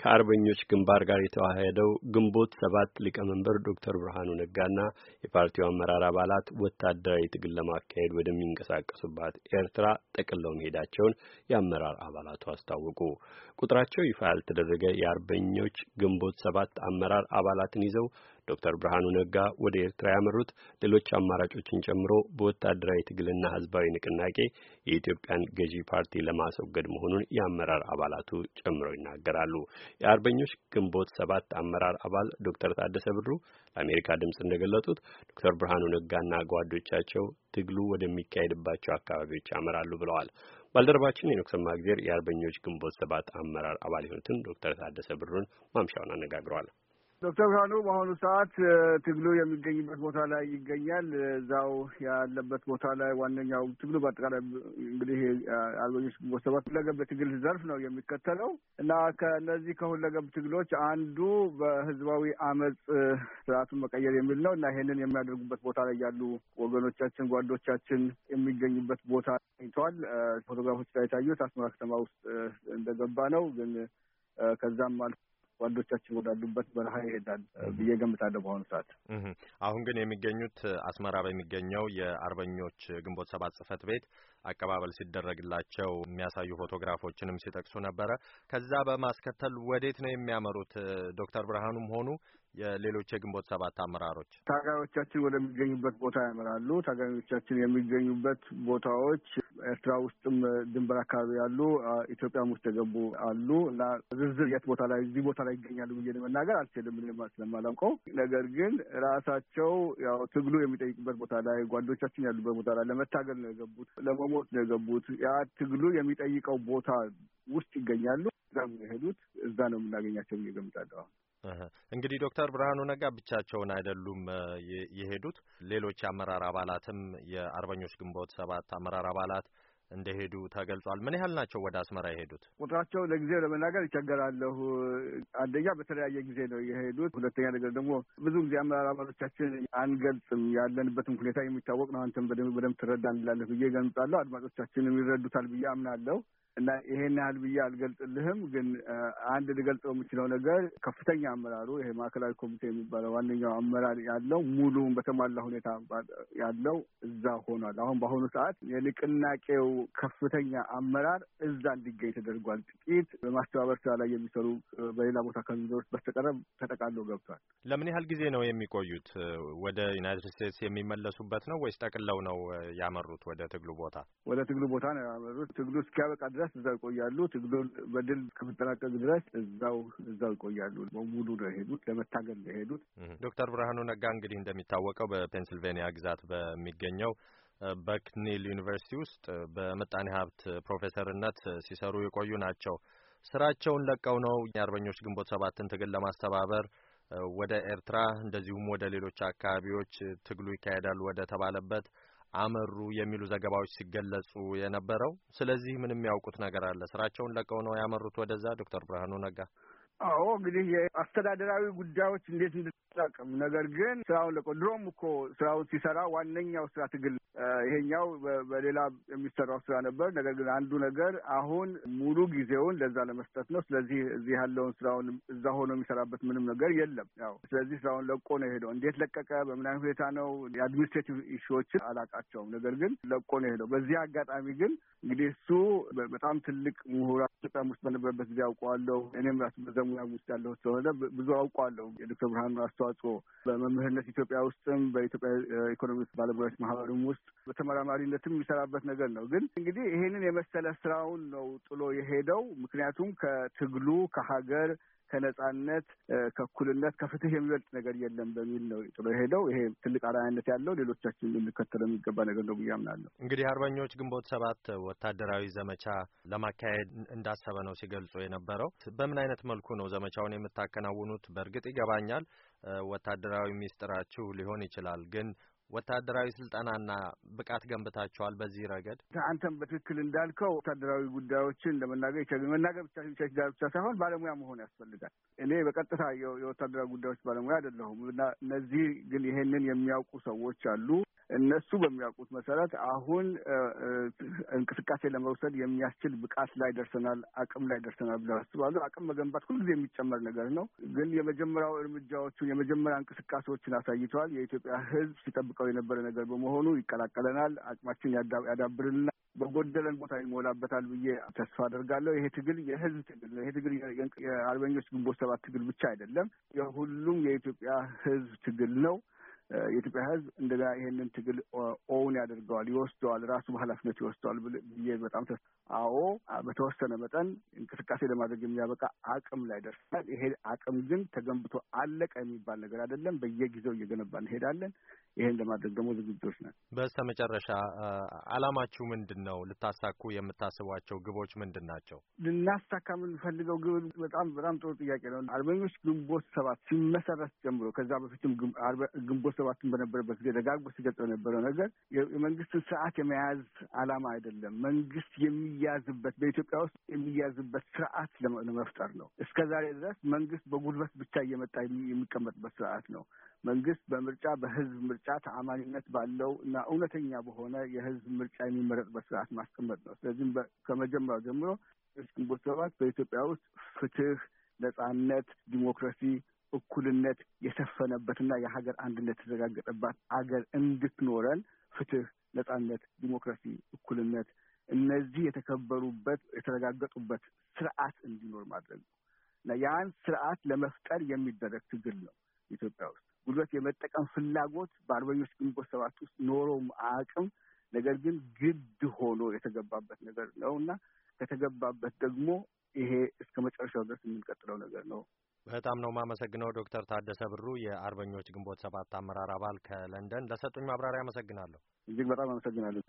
ከአርበኞች ግንባር ጋር የተዋሄደው ግንቦት ሰባት ሊቀመንበር ዶክተር ብርሃኑ ነጋና የፓርቲው አመራር አባላት ወታደራዊ ትግል ለማካሄድ ወደሚንቀሳቀሱባት ኤርትራ ጠቅለው መሄዳቸውን የአመራር አባላቱ አስታወቁ። ቁጥራቸው ይፋ ያልተደረገ የአርበኞች ግንቦት ሰባት አመራር አባላትን ይዘው ዶክተር ብርሃኑ ነጋ ወደ ኤርትራ ያመሩት ሌሎች አማራጮችን ጨምሮ በወታደራዊ ትግልና ህዝባዊ ንቅናቄ የኢትዮጵያን ገዢ ፓርቲ ለማስወገድ መሆኑን የአመራር አባላቱ ጨምረው ይናገራሉ። የአርበኞች ግንቦት ሰባት አመራር አባል ዶክተር ታደሰ ብሩ ለአሜሪካ ድምፅ እንደገለጡት ዶክተር ብርሃኑ ነጋና ጓዶቻቸው ትግሉ ወደሚካሄድባቸው አካባቢዎች ያመራሉ ብለዋል። ባልደረባችን የኖክ ጊዜር የአርበኞች ግንቦት ሰባት አመራር አባል የሆኑትን ዶክተር ታደሰ ብሩን ማምሻውን አነጋግሯል። ዶክተር ብርሃኑ በአሁኑ ሰዓት ትግሉ የሚገኝበት ቦታ ላይ ይገኛል። እዛው ያለበት ቦታ ላይ ዋነኛው ትግሉ በአጠቃላይ እንግዲህ አርበኞች ግንቦት ሰባት ሁለገብ ትግል ዘርፍ ነው የሚከተለው እና ከእነዚህ ከሁለገብ ትግሎች አንዱ በህዝባዊ አመፅ ስርዓቱን መቀየር የሚል ነው እና ይሄንን የሚያደርጉበት ቦታ ላይ ያሉ ወገኖቻችን፣ ጓዶቻችን የሚገኙበት ቦታ ይተዋል። ፎቶግራፎች ላይ የታዩት አስመራ ከተማ ውስጥ እንደገባ ነው ግን ከዛም አልፎ ወንዶቻችን ወዳሉበት በረሃ ይሄዳል ብዬ ገምታለሁ። በአሁኑ ሰዓት አሁን ግን የሚገኙት አስመራ በሚገኘው የአርበኞች ግንቦት ሰባት ጽህፈት ቤት አቀባበል ሲደረግላቸው የሚያሳዩ ፎቶግራፎችንም ሲጠቅሱ ነበረ። ከዛ በማስከተል ወዴት ነው የሚያመሩት? ዶክተር ብርሃኑም ሆኑ የሌሎች የግንቦት ሰባት አመራሮች ታጋዮቻችን ወደሚገኙበት ቦታ ያመራሉ። ታጋዮቻችን የሚገኙበት ቦታዎች ኤርትራ ውስጥም ድንበር አካባቢ ያሉ ኢትዮጵያም ውስጥ የገቡ አሉ እና ዝርዝር የት ቦታ ላይ እዚህ ቦታ ላይ ይገኛሉ ብዬ መናገር አልችልም ስለማላውቀው። ነገር ግን ራሳቸው ያው ትግሉ የሚጠይቅበት ቦታ ላይ ጓዶቻችን ያሉበት ቦታ ላይ ለመታገል ነው የገቡት፣ ለመሞት ነው የገቡት። ያ ትግሉ የሚጠይቀው ቦታ ውስጥ ይገኛሉ። እዛ የሄዱት። እዛ ነው የምናገኛቸው ብዬ እገምታለሁ። እንግዲህ ዶክተር ብርሃኑ ነጋ ብቻቸውን አይደሉም የሄዱት። ሌሎች የአመራር አባላትም የአርበኞች ግንቦት ሰባት አመራር አባላት እንደሄዱ ተገልጿል። ምን ያህል ናቸው ወደ አስመራ የሄዱት? ቁጥራቸው ለጊዜው ለመናገር ይቸገራለሁ። አንደኛ በተለያየ ጊዜ ነው የሄዱት። ሁለተኛ ነገር ደግሞ ብዙ ጊዜ አመራር አባሎቻችን አንገልጽም፣ ያለንበትም ሁኔታ የሚታወቅ ነው። አንተም በደንብ ትረዳ እንላለን ብዬ ገምጻለሁ። አድማጮቻችንም ይረዱታል ብዬ አምናለሁ። እና ይሄን ያህል ብዬ አልገልጽልህም። ግን አንድ ልገልጸው የምችለው ነገር ከፍተኛ አመራሩ ይሄ ማዕከላዊ ኮሚቴ የሚባለው ዋነኛው አመራር ያለው ሙሉውን በተሟላ ሁኔታ ያለው እዛ ሆኗል። አሁን በአሁኑ ሰዓት የንቅናቄው ከፍተኛ አመራር እዛ እንዲገኝ ተደርጓል። ጥቂት በማስተባበር ስራ ላይ የሚሰሩ በሌላ ቦታ ከሚዞሩት በስተቀረብ ተጠቃሎ ገብቷል። ለምን ያህል ጊዜ ነው የሚቆዩት? ወደ ዩናይትድ ስቴትስ የሚመለሱበት ነው ወይስ ጠቅለው ነው ያመሩት ወደ ትግሉ ቦታ? ወደ ትግሉ ቦታ ነው ያመሩት። ትግሉ እስኪያበቃ ድረስ ድረስ እዛው ይቆያሉ። ትግሉን በድል ከመጠናቀቅ ድረስ እዛው እዛው ይቆያሉ። በሙሉ ነው የሄዱት፣ ለመታገል ነው የሄዱት። ዶክተር ብርሃኑ ነጋ እንግዲህ እንደሚታወቀው በፔንስልቬኒያ ግዛት በሚገኘው በክኒል ዩኒቨርሲቲ ውስጥ በምጣኔ ሀብት ፕሮፌሰርነት ሲሰሩ የቆዩ ናቸው። ስራቸውን ለቀው ነው የአርበኞች ግንቦት ሰባትን ትግል ለማስተባበር ወደ ኤርትራ እንደዚሁም ወደ ሌሎች አካባቢዎች ትግሉ ይካሄዳል ወደ ተባለበት አመሩ የሚሉ ዘገባዎች ሲገለጹ የነበረው። ስለዚህ ምንም ያውቁት ነገር አለ? ስራቸውን ለቀው ነው ያመሩት ወደዛ? ዶክተር ብርሃኑ ነጋ አዎ እንግዲህ የአስተዳደራዊ ጉዳዮች እንዴት እንድጠቅም ነገር ግን ስራውን ለቆ ድሮም እኮ ስራውን ሲሰራ ዋነኛው ስራ ትግል ይሄኛው በሌላ የሚሰራው ስራ ነበር። ነገር ግን አንዱ ነገር አሁን ሙሉ ጊዜውን ለዛ ለመስጠት ነው። ስለዚህ እዚህ ያለውን ስራውን እዛ ሆኖ የሚሰራበት ምንም ነገር የለም። ያው ስለዚህ ስራውን ለቆ ነው የሄደው። እንዴት ለቀቀ? በምን አይነት ሁኔታ ነው? የአድሚኒስትሬቲቭ ኢሹዎችን አላቃቸውም። ነገር ግን ለቆ ነው የሄደው። በዚህ አጋጣሚ ግን እንግዲህ እሱ በጣም ትልቅ ምሁራ ኢትዮጵያም ውስጥ በነበረበት ጊዜ አውቀዋለሁ። እኔም ራሱ በዛ ውስጥ ያለሁ ስለሆነ ብዙ አውቀዋለሁ። የዶክተር ብርሃኑ አስተዋጽኦ በመምህርነት ኢትዮጵያ ውስጥም በኢትዮጵያ ውስጥ ባለሙያዎች ማህበርም ውስጥ በተመራማሪነትም የሚሰራበት ነገር ነው። ግን እንግዲህ ይሄንን የመሰለ ስራውን ነው ጥሎ የሄደው። ምክንያቱም ከትግሉ ከሀገር ከነጻነት፣ ከእኩልነት፣ ከፍትህ የሚበልጥ ነገር የለም በሚል ነው ጥሎ የሄደው። ይሄ ትልቅ አርአያነት ያለው ሌሎቻችን ልንከተለው የሚገባ ነገር ነው ብዬ አምናለሁ። እንግዲህ አርበኞች ግንቦት ሰባት ወታደራዊ ዘመቻ ለማካሄድ እንዳሰበ ነው ሲገልጹ የነበረው። በምን አይነት መልኩ ነው ዘመቻውን የምታከናውኑት? በእርግጥ ይገባኛል ወታደራዊ ሚስጥራችሁ ሊሆን ይችላል ግን ወታደራዊ ስልጠናና ብቃት ገንብታቸዋል። በዚህ ረገድ አንተም በትክክል እንዳልከው ወታደራዊ ጉዳዮችን ለመናገር ይቻል መናገር ብቻ ይችላል ብቻ ሳይሆን ባለሙያ መሆን ያስፈልጋል። እኔ በቀጥታ የወታደራዊ ጉዳዮች ባለሙያ አይደለሁም እና እነዚህ ግን ይሄንን የሚያውቁ ሰዎች አሉ እነሱ በሚያውቁት መሰረት አሁን እንቅስቃሴ ለመውሰድ የሚያስችል ብቃት ላይ ደርሰናል፣ አቅም ላይ ደርሰናል ብለው አስባሉ አቅም መገንባት ሁልጊዜ የሚጨመር ነገር ነው። ግን የመጀመሪያው እርምጃዎቹን የመጀመሪያ እንቅስቃሴዎችን አሳይተዋል። የኢትዮጵያ ሕዝብ ሲጠብቀው የነበረ ነገር በመሆኑ ይቀላቀለናል፣ አቅማችን ያዳብርልናል፣ በጎደለን ቦታ ይሞላበታል ብዬ ተስፋ አደርጋለሁ። ይሄ ትግል የህዝብ ትግል ነው። ይሄ ትግል የአርበኞች ግንቦት ሰባት ትግል ብቻ አይደለም፣ የሁሉም የኢትዮጵያ ህዝብ ትግል ነው። የኢትዮጵያ ሕዝብ እንደዛ ይሄንን ትግል ኦውን ያደርገዋል፣ ይወስደዋል፣ ራሱ በኃላፊነት ይወስደዋል ብዬ በጣም አዎ፣ በተወሰነ መጠን እንቅስቃሴ ለማድረግ የሚያበቃ አቅም ላይ ደርሳል። ይሄ አቅም ግን ተገንብቶ አለቀ የሚባል ነገር አይደለም። በየጊዜው እየገነባ እንሄዳለን። ይህን ለማድረግ ደግሞ ዝግጅቶች ናቸው። በስተ መጨረሻ አላማችሁ ምንድን ነው? ልታሳኩ የምታስቧቸው ግቦች ምንድን ናቸው? ልናሳካ የምንፈልገው ግብ በጣም በጣም ጥሩ ጥያቄ ነው። አርበኞች ግንቦት ሰባት ሲመሰረት ጀምሮ ከዛ በፊትም ግንቦት ሰባትን በነበረበት ጊዜ ደጋግቦ ሲገልጸው የነበረው ነገር የመንግስትን ስርዓት የመያዝ አላማ አይደለም። መንግስት የሚያዝበት በኢትዮጵያ ውስጥ የሚያዝበት ስርዓት ለመፍጠር ነው። እስከ ዛሬ ድረስ መንግስት በጉልበት ብቻ እየመጣ የሚቀመጥበት ስርዓት ነው። መንግስት በምርጫ በህዝብ ምርጫ ተአማኒነት ባለው እና እውነተኛ በሆነ የህዝብ ምርጫ የሚመረጥበት ስርዓት ማስቀመጥ ነው። ስለዚህም ከመጀመሪያው ጀምሮ ግንቦት ሰባት በኢትዮጵያ ውስጥ ፍትህ፣ ነጻነት፣ ዲሞክራሲ፣ እኩልነት የሰፈነበትና የሀገር አንድነት የተረጋገጠባት አገር እንድትኖረን ፍትህ፣ ነጻነት፣ ዲሞክራሲ፣ እኩልነት እነዚህ የተከበሩበት የተረጋገጡበት ስርዓት እንዲኖር ማድረግ ነው እና ያን ስርዓት ለመፍጠር የሚደረግ ትግል ነው ኢትዮጵያ ውስጥ ጉልበት የመጠቀም ፍላጎት በአርበኞች ግንቦት ሰባት ውስጥ ኖሮም አቅም ነገር ግን ግድ ሆኖ የተገባበት ነገር ነው እና ከተገባበት ደግሞ ይሄ እስከ መጨረሻው ድረስ የምንቀጥለው ነገር ነው። በጣም ነው የማመሰግነው ዶክተር ታደሰ ብሩ የአርበኞች ግንቦት ሰባት አመራር አባል ከለንደን ለሰጡኝ ማብራሪያ አመሰግናለሁ። እጅግ በጣም አመሰግናለሁ።